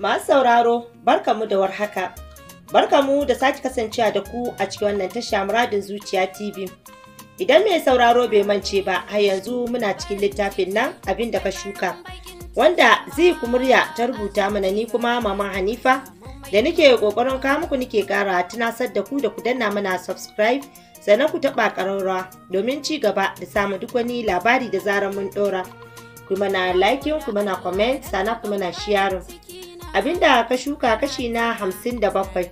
Masu sauraro, barka barkamu da warhaka. mu da sake kasancewa da ku a cikin wannan tasha muradin zuciya TV. Idan mai sauraro bai mance ba, har yanzu muna cikin littafin nan abin da ka shuka. Wanda zai kumurya ta rubuta mana ni kuma Mama Hanifa da nike kokarin kawo muku nike kara tunasar da ku da ku danna mana subscribe sannan ku taɓa ƙararrawa domin ci gaba da samun duk wani labari da zarar mun ɗora. Ku mana like, ku mana comment, sannan ku mana sharing. Abin da ka shuka kashi na hamsin da bakwai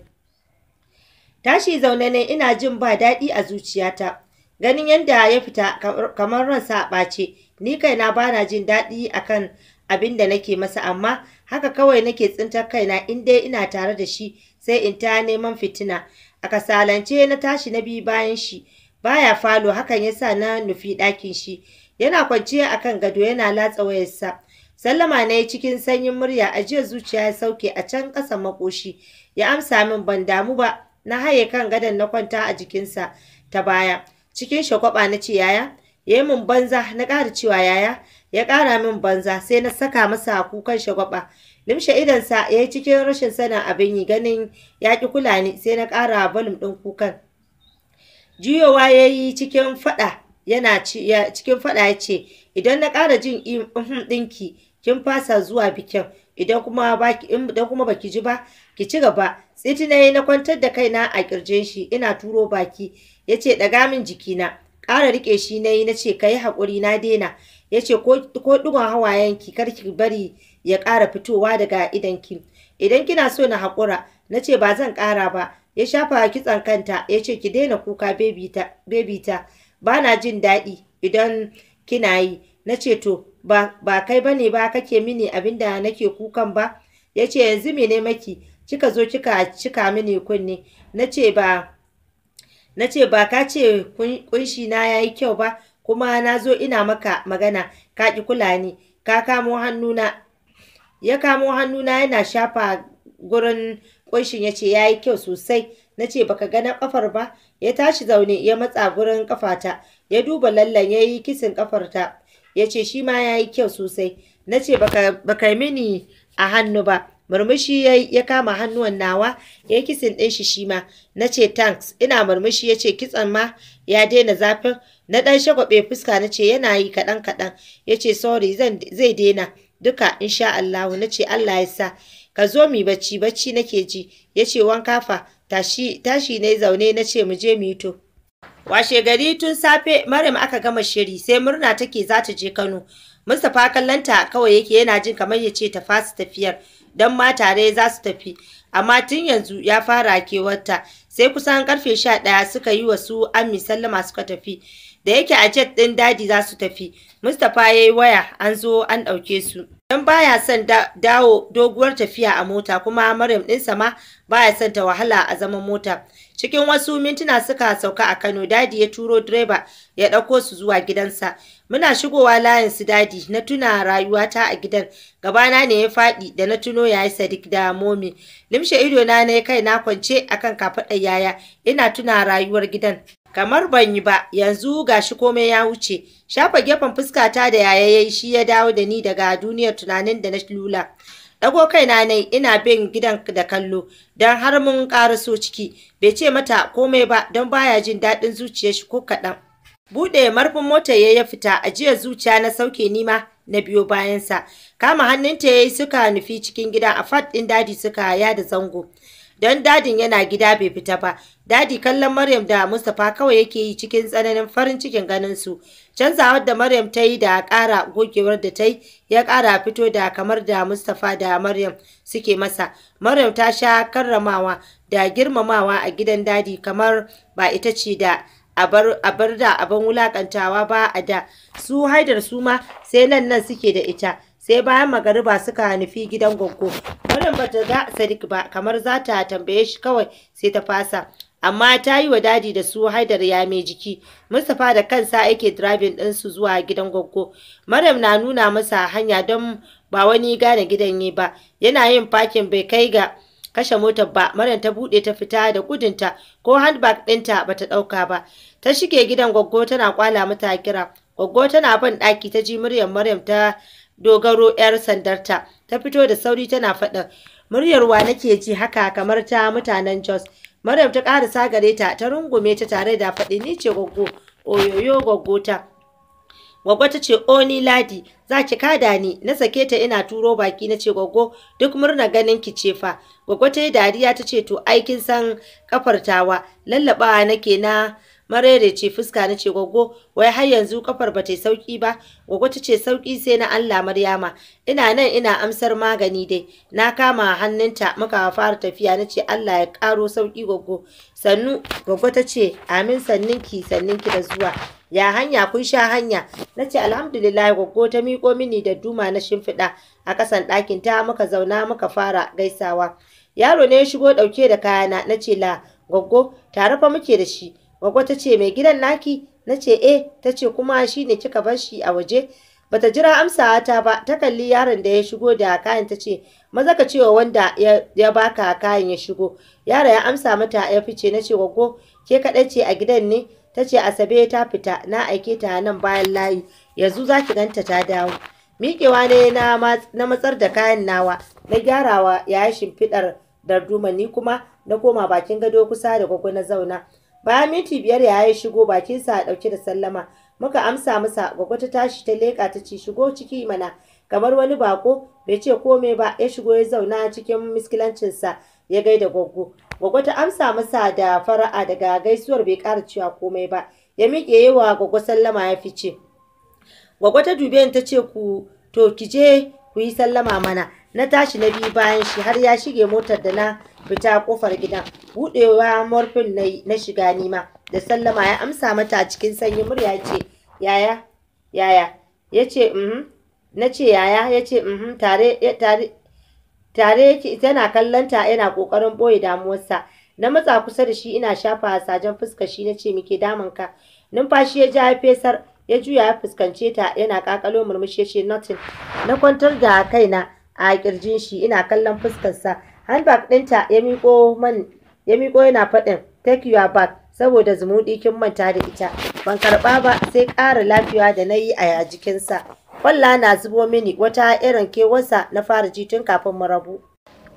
tashi zaune ne ina jin ba daɗi a zuciyata ganin yadda ya fita kamar ransa ɓace ni kaina bana jin daɗi a kan abin da nake masa amma haka kawai nake tsintar kaina in dai ina tare da shi sai in ta neman fitina a kasalance na tashi na biyu bayan shi baya falo hakan ya sa na nufi ɗakin shi yana kwanciya akan gado yana latsa wayarsa Sallama na yi cikin sanyin murya a jiya zuciya ya sauke a can ƙasan makoshi ya amsa min ban damu ba na haye kan gadon na kwanta a jikinsa ta baya cikin shagwaba na ce yaya ya yi min banza na ƙara cewa yaya ya ƙara min banza sai na saka masa kukan shagwaba limshe idonsa ya yi cikin rashin sanin abin yi ganin ya ƙi kula ni sai na ƙara balum ɗin kukan juyowa ya yi cikin faɗa yana cikin faɗa ya ce idan na ƙara jin uhm, ɗinki kin fasa zuwa bikin idan kuma baki idan kuma baki ji ba ki ci gaba tsiti na na kwantar da kaina a kirje shi ina turo baki yace daga min jikina ƙara rike shi nayi nace kai hakuri na dena yace ko ko digon hawayen ki kar ki bari ya ƙara fitowa daga idan ki idan kina so na hakura nace ba zan ƙara ba ya shafa kitsan kanta yace ki daina kuka baby ta baby ta bana jin daɗi idan kina yi nace to ba kai bane ba kake mini abin abinda nake kukan ba yace yanzu mene maki kika zo kika cika mini kunni nace ba nace ba ka ce kunshi na yayi kyau ba kuma na zo ina maka magana ka ki kula ni ka kamo hannuna ya kamo hannuna yana shafa gurin kunshin yace yayi kyau sosai nace baka ga na kafar ba ya tashi zaune ya matsa gurin kafata ya duba lallan yayi kisin kafarta ya ce shi ma ya yi kyau sosai na ce baka mini a hannu ba murmushi ya kama hannuwan nawa ya yi kisin ɗin shi shi ma na ce tanks ina murmushi ya ce kitsan ma ya daina zafin na ɗan shagwabe fuska na ce yana yi kaɗan kaɗan ya ce sorry zai daina duka insha Allahu na ce Allah ya sa ka zo mi bacci bacci nake ji ya ce wanka fa tashi tashi ne zaune na ce mu je mu yi to Washe gari tun safe Maryam aka gama shiri sai murna take za ta je Kano. Mustapha kallanta kawai yake yana jin kamar ya ce ta fasa tafiyar don ma tare za su tafi. Amma tun yanzu ya fara kewarta sai kusan karfe sha ɗaya suka yi wa su Ami sallama suka tafi. Da yake a jet ɗin dadi za su tafi. Mustapha ya yi waya an zo an ɗauke su. Don baya son dawo doguwar tafiya a mota kuma Maryam ɗinsa ma baya son ta wahala a zaman mota. Cikin wasu mintuna suka sauka a Kano, dadi ya turo direba ya ɗauko su zuwa gidansa. Muna shigowa layin su dadi na tuna rayuwata a gidan. Gabana ne ya faɗi da na tuno ya yi sadik da Momi. Limshe ido na ne kai na kwance akan kafaɗar yaya. Ina tuna rayuwar gidan. Kamar ban yi ba, yanzu ga shi komai ya wuce. Shafa gefen fuskata da yaya yayi shi ya dawo da ni daga duniyar tunanin da na lula. Ɗago na ne ina bin gidan da kallo don har mun so ciki bai ce mata komai ba don baya jin daɗin zuciyar shi ko kaɗan. Buɗe marfin mota ya ya fita ajiyar zuciya na sauke nima na biyo bayansa. Kama hannunta ya yi suka nufi cikin gidan a fat ɗin daji suka ya da zango. don dadin yana gida bai fita ba. Dadi kallon Maryam da Mustapha kawai yake yi cikin tsananin farin cikin ganin su. Canzawar da Maryam ta yi da ƙara gogewar da ta yi ya kara fito da kamar da Mustapha da Maryam suke masa. Maryam ta sha karramawa da girmamawa a gidan dadi kamar ba ita ce da a bar da abin wulakantawa ba a da su haidar su ma sai nan nan suke da ita sai bayan magariba suka nufi gidan goggo wannan ba ta ga sadiq ba kamar za ta tambaye shi kawai sai ta fasa amma ta yi wa dadi da su haidar ya mai jiki mustapha da kansa yake driving su zuwa gidan goggo maryam na nuna masa hanya don ba wani gane gidan yi ba yana yin fakin bai kai ga kashe motar ba maryam ta buɗe ta fita da gudunta ko handbag ɗinta ba ta ɗauka ba ta shige gidan goggo tana kwala mata kira goggo tana ban ɗaki ta ji muryar maryam ta dogaro 'yar sandarta ta fito da sauri tana faɗa Muryarwa wa nake ji haka kamar ta mutanen jos maryam ta ƙarasa gare ta ta rungume ta tare da faɗi ni ce gwaggo oyoyo gwaggo ta Gwaggo ta ce, "O oh, ni ladi, za ki kada ni, na sake ta ina turo baki na ce gwaggo duk murna ganin ki ce fa." Gwaggo ta yi dariya ta ce, "To aikin san ƙafartawa. Lallaɓawa nake na Marere ce fuska na ce gwaggo wai har yanzu kafar ba ta sauki ba gwaggo ta ce sauki sai na Allah Maryama ina nan ina amsar magani dai na kama hannunta muka fara tafiya na ce Allah ya karo sauki gwaggo sannu gwaggo ta ce amin sanninki sanninki da zuwa ya hanya kun sha hanya na ce alhamdulillah gwaggo ta miƙo mini da duma na shimfiɗa a ƙasan ɗakin ta muka zauna muka fara gaisawa yaro ne ya shigo ɗauke da kayana na ce la gwaggo tare fa muke da shi Gwaggo ta ce mai gidan naki na ce eh ta ce kuma shi ne kika bar shi a waje bata jira amsawa ta ba ta kalli yaron da ya shigo da kayan ta ce maza ka cewa wanda ya baka kayan ya shigo yaro ya amsa mata ya fice na ce gwaggo ke kaɗai ce a gidan ne ta ce asabe ta fita na aike ta nan bayan layi yanzu za ki ganta ta dawo miƙewa ne na matsar da kayan nawa na gyarawa yi shimfiɗar darduma ni kuma na koma bakin gado kusa da gwaggo na zauna bayan minti biyar ya yi shigo bakinsa a ɗauke da sallama muka amsa masa gwagwa tashi ta leƙa ta ce shigo ciki mana kamar wani bako bai ce komai ba ya shigo ya zauna cikin miskilancinsa ya gaida gwaggo gwaggo ta amsa masa da fara'a daga gaisuwar bai ƙara cewa komai ba ya miƙe yi wa sallama ya fice gwagwata ta dube ta ce ku to ki je ku yi sallama mana na tashi na biyu bayan shi har ya shige motar da na fita kofar gidan budewa morfin na shiga nima da sallama ya amsa mata cikin sanyi murya ce yaya yaya ya ce mm-hmm. na yaya ya ce mm-hmm. tare tare tare yake tana kallonta yana kokarin boye damuwarsa na matsa kusa da shi ina shafa hasajen fuska. shi na ce muke ka numfashi ya ja fesar ya juya ya fuskance ta yana kakalo murmushi ya ce nothing na kwantar da kaina a kirjin shi ina kallon fuskarsa handbag ɗinta ya miƙo man ya miƙo yana faɗin take your bag saboda zumuɗi kin manta da ita ban karɓa ba sai ƙara lafiya da na yi a jikinsa kwalla na zubo mini wata irin kewarsa na fara ji tun kafin mu rabu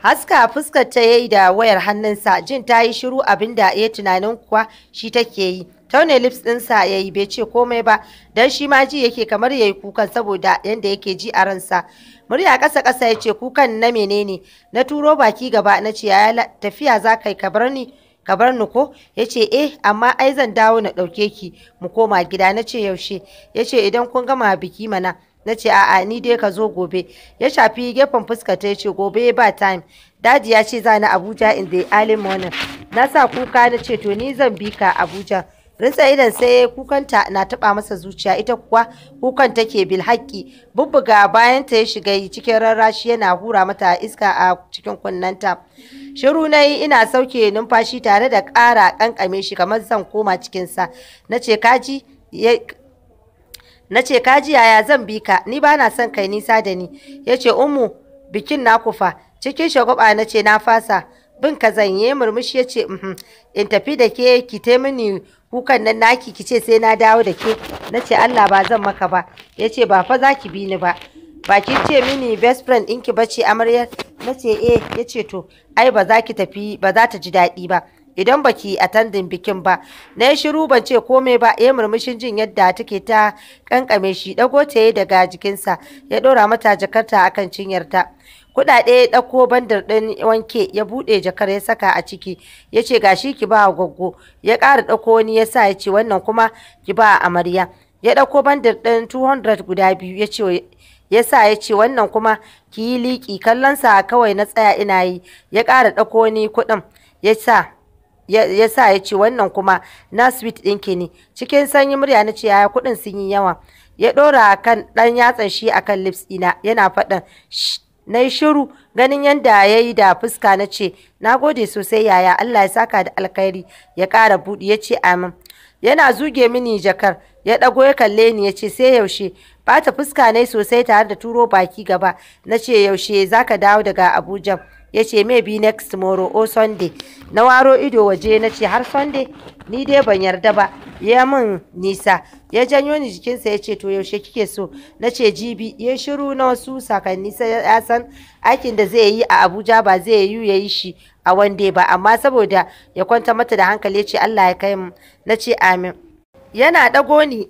haska fuskar ta yayi da wayar hannunsa jin ta yi shiru abinda ya tunanin kuwa shi take yi taune lips ɗinsa ya yi bai ce komai ba don shi ma ji yake kamar ya yi kukan saboda yadda yake ji a ransa murya ƙasa ƙasa ya ce kukan na menene na turo baki gaba na ce yaya tafiya za ka yi ka bar ni ka bar ni ko ya ce eh amma ai zan dawo na ɗauke ki mu koma gida na ce yaushe ya ce idan kun gama biki mana na ce a'a ni dai ka zo gobe ya shafi gefen fuska ta ce gobe ba time daji ya ce za na abuja in the early morning na sa kuka na ce to ni zan bi ka abuja rintsa idan sai kukanta na taba masa zuciya ita kuwa kukan take bil haƙƙi bubbuga bayan ta ya shiga cikin rarrashi yana hura mata iska a cikin kunnanta shiru na yi ina sauke numfashi tare da ƙara ƙanƙame shi kamar zan koma cikinsa na ce kaji na yaya zan bi ka ni bana son kai nisa da ni ya ce umu bikin na kufa cikin shagwaba na ce na fasa bin ka zanye murmushi ya ce in tafi da ke ki mini kukan nan naki ki ce sai na dawo da ke nace Allah ba zan maka ba yace ce ba fa za ki bi ni ba ba ki ce mini best friend in ki bace amaryar na ce eh ya to ai ba za ki tafi ba za ta ji daɗi ba idan ba ki tandin bikin ba na yi shiru ban ce komai ba ya murmushin jin yadda take ta kankame shi dago ta daga jikinsa ya ɗora mata jakarta akan cinyarta. ta kuɗaɗe ya ɗauko bandar ɗin wanke ya buɗe jakar ya saka a ciki ya ce gashi ki ba gwaggo ya ƙara ɗauko wani ya sa ya ce wannan kuma ki ba amarya ya ɗauko bandar ɗin 200 guda biyu ya ya sa ya ce wannan kuma ki yi liƙi kallonsa kawai na tsaya ina yi ya ƙara ɗauko wani kuɗin ya sa ya sa ya ce wannan kuma na sweet ɗinki ne cikin sanyi murya na ce yaya kuɗin sun yi yawa ya ɗora kan ɗan yatsan shi akan lips ɗina yana faɗin na yi shiru ganin yadda ya yi da fuska na ce na gode sosai yaya allah ya saka da alkhairi ya ƙara buɗi ya ce amin yana zuge mini jakar ya ɗago ya kalle ni ya ce sai yaushe bata fuska na sosai tare da turo baki gaba na ce yaushe za ka dawo daga abuja ya ce maybe next tomorrow o sunday na waro ido waje na ce har sunday ni dai ban yarda ba ya min nisa ya janyo ni jikinsa ya ce to yaushe kike so na ce jibi ya shiru na wasu sakanni ya san aikin da zai yi a abuja ba zai yi ya yi shi a wande ba amma saboda ya kwanta mata da hankali ya ce allah ya kai mu na ce amin yana ɗago ni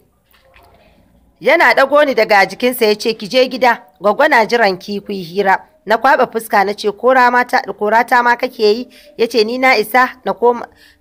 yana ɗago ni daga jikinsa ya ce ki je gida gwaggwana jiran ki ku hira na kwaba fuska na ce kora ta ma kake yi ya ce ni na isa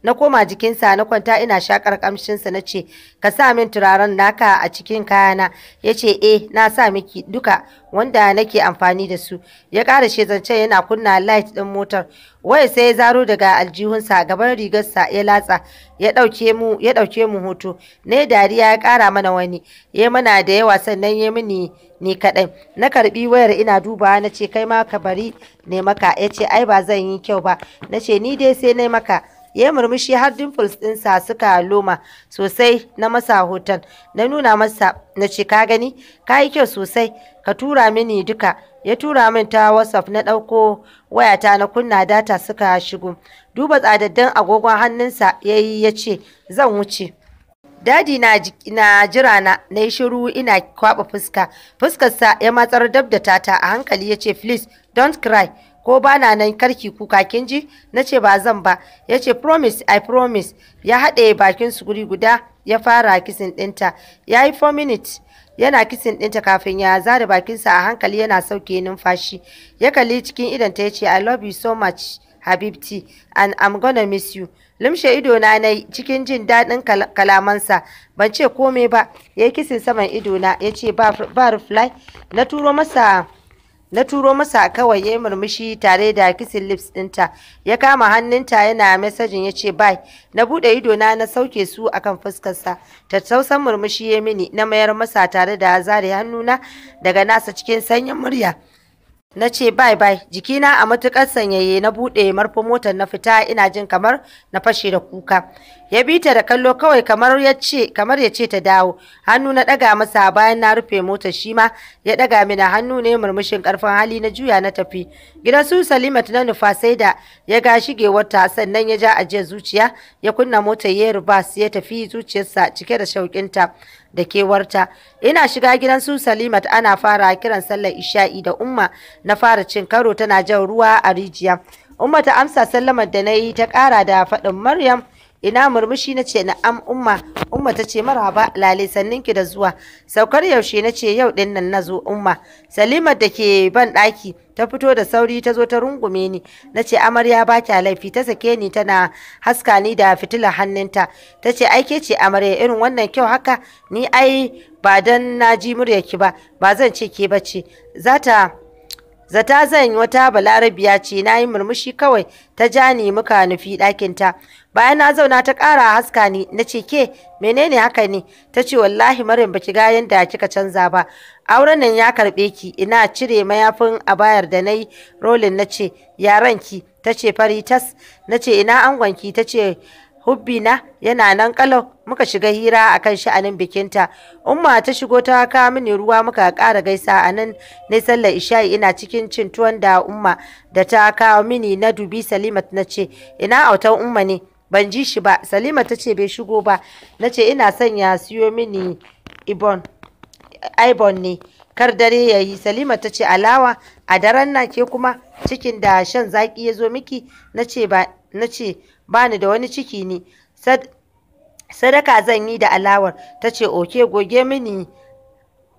na koma jikinsa na kwanta ina shakar kamshinsa na ce ka sa min turaren naka a cikin kayana ya ce eh na sa miki duka wanda nake amfani da su ya ƙara shi zance yana kunna light ɗin motar waya sai ya zaro daga aljihunsa gaban rigarsa ya latsa ya ɗauke mu ya ɗauke mu hoto ne dariya ya ƙara mana wani ya mana da yawa sannan ya mini ni kaɗai na karɓi wayar ina dubawa na ce kai ma ka bari ne maka ya ce ai ba zan yi kyau ba na ce ni dai sai na maka ya murmushi har dimples ɗinsa suka loma sosai na masa hoton na nuna masa na ce ka gani ka yi kyau sosai ka tura mini duka ya tura min ta whatsapp na ɗauko wayata na kunna data suka shigo duba tsadaddan agogon hannunsa ya yi ya ce zan wuce dadi na jira na na shiru ina kwaɓa fuska fuskarsa ya matsar dab tata a hankali ya ce please don't cry ko ba na nan karki kuka kin ji na ce ba zan ba ya ce promise i promise ya haɗe bakin su guri guda ya fara kisin ɗinta ya yi four minutes yana kisin ɗinta kafin ya zare bakinsa a hankali yana sauke numfashi ya kalli cikin idanta ya ce i love you so much habibti and i'm gonna miss you limshe ido na nai cikin jin daɗin kalamansa ban ce komai ba ya kisin saman ido na ya ce ba reply na turo masa na turo masa kawai ya murmushi tare da kisin lips ɗinta ya kama hannunta yana mesajin ya ce bye na buɗe idona na sauke su akan fuskarsa tattausan murmushi ya mini na mayar masa tare da zare hannuna daga nasa cikin sanyin murya na ce bye bye jikina a matukar sanyaye na buɗe marfin motar na fita ina jin kamar na fashe da kuka ya bi ta da kallo kawai kamar ya ce kamar ya ce ta dawo hannu na daga masa bayan na rufe motar shi ma ya daga mina hannu ne murmushin karfin hali na juya na tafi gidan su Salimat na nufa sai da ya ga shigewarta wata sannan ya ja ajiyar zuciya ya kunna motar ya rubas ya tafi zuciyarsa cike da shauƙinta da kewarta ina shiga gidan su Salimat ana fara kiran sallar isha'i da umma na fara cin karo tana jan ruwa a rijiya umma ta amsa sallamar da na yi ta ƙara da faɗin Maryam ina murmushi na ce na'am umma umma ta ce marhaba lale sannin ki da zuwa saukar yaushe na ce yau din nan zo umma salima da ke ban ɗaki ta fito da sauri ta zo ta rungume ni na ce amarya ba kya laifi ta sake ni tana haska ni da fitilar hannunta ta ce aike ce amarya irin wannan kyau haka ni ai ba dan na ji muryarki ba ba zan ce ke bace za ta Zata zan wata balarabiya ce na yi murmushi kawai ta ja ni muka nufi ɗakinta. Bayan na zauna ta ƙara haska ni na ce ke menene haka ne ta ce wallahi Maryam baki ga yanda kika canza ba. Auren nan ya karɓe ki ina cire mayafin a bayar da na yi rolin na ce yaran ki ta ce fari tas na ce ina angon ki ta ce hubbina yana nan kalau muka shiga hira a kan sha'anin bikinta umma ta shigo ta kawo mini ruwa muka ƙara gaisa a nan na sallar isha'i ina cikin cin tuwon da umma da ta kawo mini na dubi salimat na ce ina autan umma ne ban ji shi ba salima ta ce bai shigo ba na ce ina son ya siyo mini ibon ne kar dare ya yi salima ta ce alawa a daren na ke kuma cikin da shan zaki ya zo miki na ce bani da wani ciki ne sadaka zan yi da alawar ta ce oke goge mini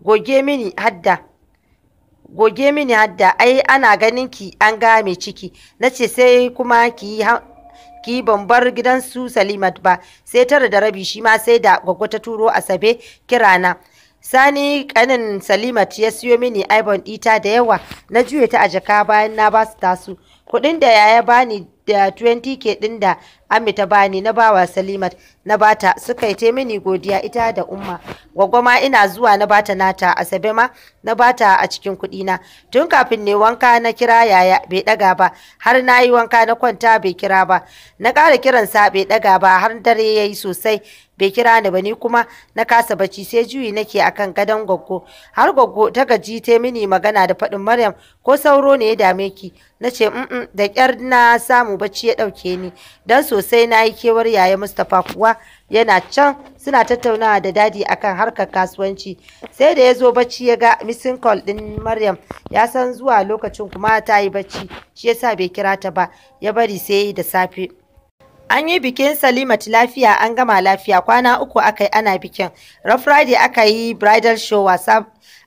goge mini hadda goge mini hadda ai ana ganin ki an ga mai ciki na ce sai kuma ki ki ban bar gidan su salimat ba sai tara da rabi shi ma sai da gwaggo ta turo asabe kirana sani kanin salimat ya siyo mini ibon ɗita da yawa na juye ta a jaka bayan na basu tasu kuɗin da yaya bani da 20k din da Ami ta bani na bawa Salimat na bata suka yi mini godiya ita da umma gwagwama ina zuwa na bata nata asabe ma na bata a cikin kuɗi na tun kafin ne wanka na kira yaya bai daga ba har na yi wanka na kwanta bai kira ba na ƙara kiransa bai daga ba har dare yayi sosai bai kira ni ba ni kuma na kasa bacci sai juyi nake akan gadon gwaggo har gwaggo ta gaji ta mini magana da faɗin maryam ko sauro ne ya dame ki na ce da ƙyar na samu bacci ya ɗauke ni don sosai na yi kewar yaya mustapha kuwa yana can suna tattaunawa da dadi akan harkar kasuwanci sai da ya zo bacci ya ga missing call din maryam ya san zuwa lokacin kuma ta yi bacci shi yasa bai kira ta ba ya bari sai da safe An yi bikin Salimat lafiya an gama lafiya kwana uku aka yi ana bikin. Rough aka yi bridal show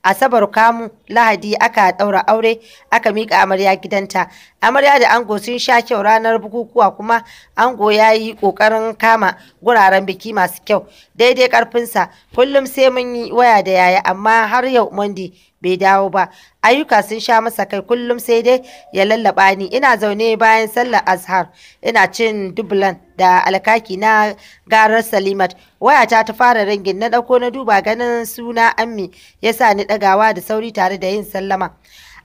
Asabar kamu Lahadi aka ɗaura aure aka mika amarya gidanta. Amarya da ango sun sha kyau ranar bukukuwa kuma ango ya yi ƙoƙarin kama guraren biki masu kyau daidai ƙarfinsa kullum sai mun yi waya da yaya amma har yau Monday bai dawo ba ayyuka sun sha masa kai kullum sai dai ya lallaba ni ina zaune bayan sallar azhar ina cin dublan da alkaki na garar salimat wayata ta fara rangin na dauko na duba ganin suna ammi yasa ni dagawa da sauri tare da yin sallama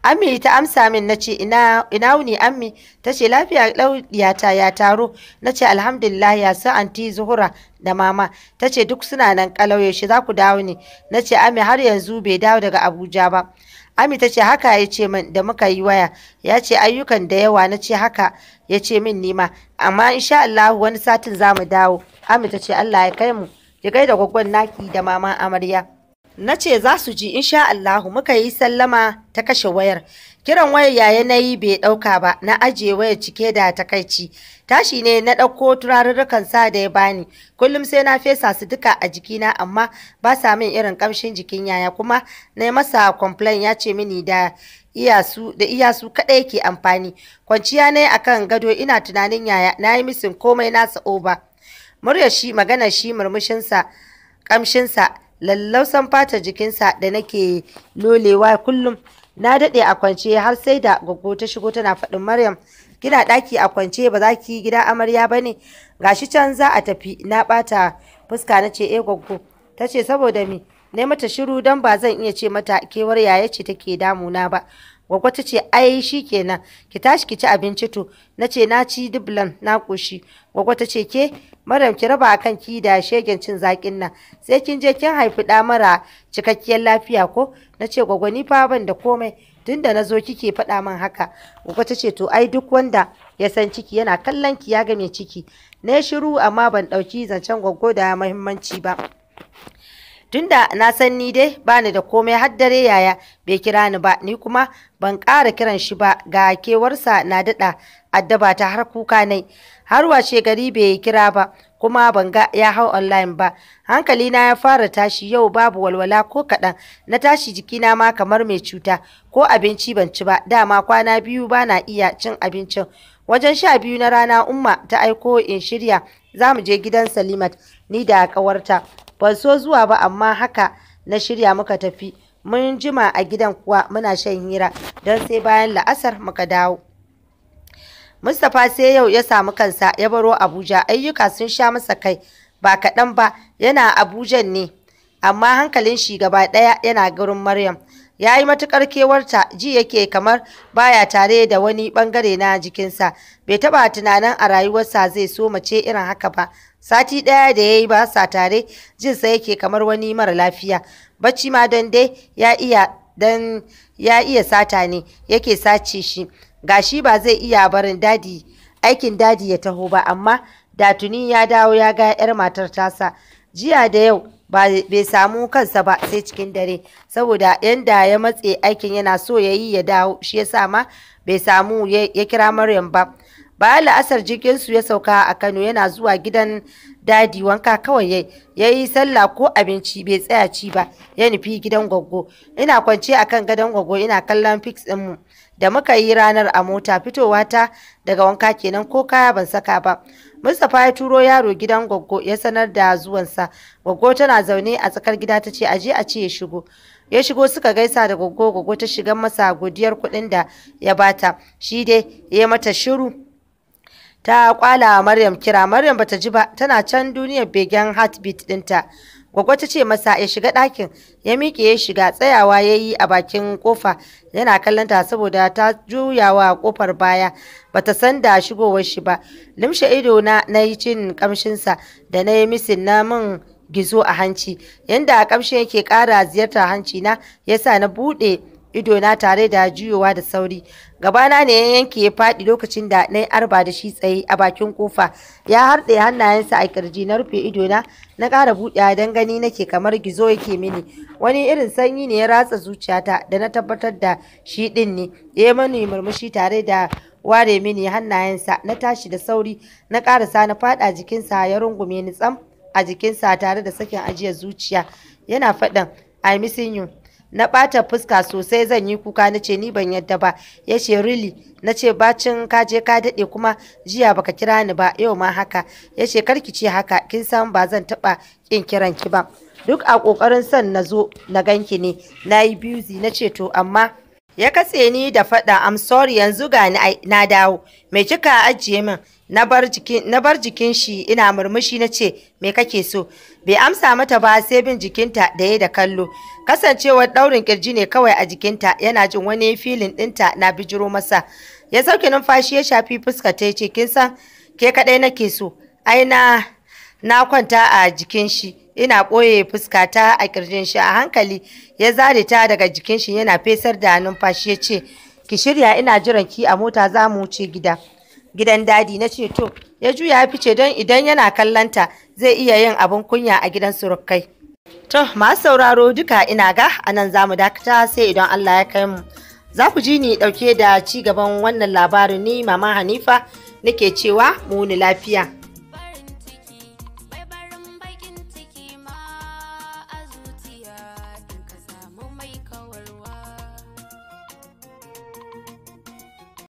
Ami ta amsa min na ce ina wuni ammi ta ce lafiya ɗauyata ya taro na ce alhamdulillah ya su anti zuhura da mama ta ce duk suna nan ƙalau yaushe za ku dawo ne na ce Ami har yanzu bai dawo daga abuja ba ami ta ce haka ya ce min da muka yi waya ya ce ayyukan da yawa na ce haka ya ce min nima amma insha Allah wani satin za mu dawo ami ta ce Allah ya kai mu ki gaida gwaggon naki da maman amarya na ce za su ji insha Allahu muka yi sallama ta kashe wayar kiran wayar yaya na yi bai ɗauka ba na ajiye wayar cike da takaici tashi ne na ɗauko turarurrukan sa da ya bani kullum sai na fesa su duka a jikina amma ba sa min irin kamshin jikin yaya kuma na yi masa complain ya ce mini da iyasu da iyasu kaɗai ke amfani kwanciya ne akan gado ina tunanin yaya na yi misin komai nasa oba muryar shi magana shi murmushinsa sa. lallausan fata jikinsa da nake lolewa kullum na daɗe a kwance har sai da gogo ta shigo tana faɗin maryam kina ɗaki a kwance ba za ki gida amarya ba ne Ga shi can za a tafi na ɓata fuska na ce eh gogo ta ce saboda mi ne mata shiru don ba zan iya ce mata kewar yaya ce take damu na ba gwaggo ta ce ai shi kenan ki tashi ki ci abinci to na ce na ci dublan na ƙoshi gwaggo ta ce ke maram ki raba akan ki da shegen cin zakin nan sai kin je kin haifi da mara cikakkiyar lafiya ko na ce gwagwani fa ban da komai tunda na zo kike faɗa min haka gwagwa ta ce to ai duk wanda ya san ciki yana kallon ki ya ga mai ciki na shiru amma ban ɗauki zancen gwaggo da muhimmanci ba tunda na san ni dai bani da komai har dare yaya bai kira ni ba ni kuma ban ƙara kiran shi ba ga kewarsa na daɗa addaba ta har kuka nai har washe gari bai kira ba kuma ban ga ya hau online ba hankali na ya fara tashi yau babu walwala ko kaɗan na tashi jikina ma kamar mai cuta ko abinci ban ci ba dama kwana biyu ba na iya cin abincin wajen sha biyu na rana umma ta aiko in shirya za mu je gidan salimat ni da ƙawarta ban so zuwa ba amma haka na shirya muka tafi mun jima a gidan kuwa muna shan hira don sai bayan la'asar muka dawo mustapha sai yau ya samu kansa ya baro abuja ayyuka sun sha masa kai ba kaɗan ba yana abujan ne amma hankalin shi gaba ɗaya yana garin maryam ya yi matuƙar kewarta ji yake kamar baya tare da wani ɓangare na jikinsa bai taɓa tunanin a rayuwarsa zai so mace irin haka ba sati ɗaya da ya yi ba sa tare jinsa yake kamar wani mara lafiya bacci ma don dai ya iya sata ne yake sace shi gashi ba zai iya barin dadi aikin dadi ya taho ba amma da tuni ya dawo ya ga 'yar matar tasa jiya da yau bai samu kansa ba sai cikin dare saboda yanda ya matse aikin yana so ya yi ya dawo shi ya sa ma bai samu ya kira maryam ba bayan la'asar jirgin su ya sauka a kano yana zuwa gidan dadi wanka kawai ya yi sallah ko abinci bai tsaya ci ba ya nufi gidan gwaggo ina kwance a kan gadon gwaggo ina kallon fix ɗinmu da muka yi ranar a mota fitowa ta daga wanka kenan ko kaya ban saka ba mustapha ya turo yaro gidan gwaggo ya sanar da zuwansa gwaggo tana zaune a tsakar gida ta ce aje a ce ya shigo ya shigo suka gaisa da gwaggo gwaggo ta shiga masa godiyar kuɗin da ya bata shi dai ya mata shiru ta kwala Maryam kira Maryam bata ji ba tana can duniyar begen heartbeat dinta Gwagwa ta ce masa ya shiga ɗakin ya miƙe ya shiga tsayawa ya yi a bakin kofa, yana kallonta saboda ta juyawa kofar baya bata san da shigowar shi ba limshe ido na na yi cin sa, da na yi misin na min gizo a hanci yanda kamshin yake ƙara ziyartar hanci na yasa na buɗe idona tare da juyowa da sauri gabana ne ya yanke ya faɗi lokacin da na arba da shi tsaye a bakin kofa ya harɗe hannayensa a kirji na rufe idona na ƙara buɗewa don gani nake kamar gizo yake mini wani irin sanyi ne ya ratsa zuciyata da na tabbatar da shi ɗin ne ya yi mani murmushi tare da ware mini hannayensa na tashi da sauri na ƙarasa na faɗa jikinsa ya rungume ni tsam a jikinsa tare da sakin ajiyar zuciya yana faɗin i missing you na ɓata fuska sosai zan yi kuka na ce ni ban yadda ba ya ce really na ce bacin ka je ka daɗe kuma jiya baka kira ni ba yau ma haka ya ce karki ce haka kin san ba zan taɓa ƙin kiran ki ba duk a ƙoƙarin son na zo na ganki ne na yi busy na ce to amma ya katse ni da faɗa am sorry yanzu ga na dawo mai kika ajiye min na bar jikin shi ina murmushi na ce me kake so bai amsa mata ba sai bin jikinta da ya da kallo kasancewar daurin kirji ne kawai a jikinta yana jin wani filin dinta na bijiro masa ya sauke numfashi ya shafi fuska ta ce kin san ke kadai nake so aina na kwanta a jikin shi ina ɓoye fuskata a ƙirjin shi a hankali ya zare ta daga jikin shi yana fesar da numfashi ya ce ki shirya ina jiran ki a mota za mu wuce gida gidan dadi na ce to ya juya ya fice don idan yana kallanta zai iya yin abin kunya a gidan surukai to masu sauraro duka ina ga anan za mu dakata sai idan Allah ya kai mu za ku ji ni ɗauke da ci gaban wannan labarin ni mama Hanifa nake cewa mu ni lafiya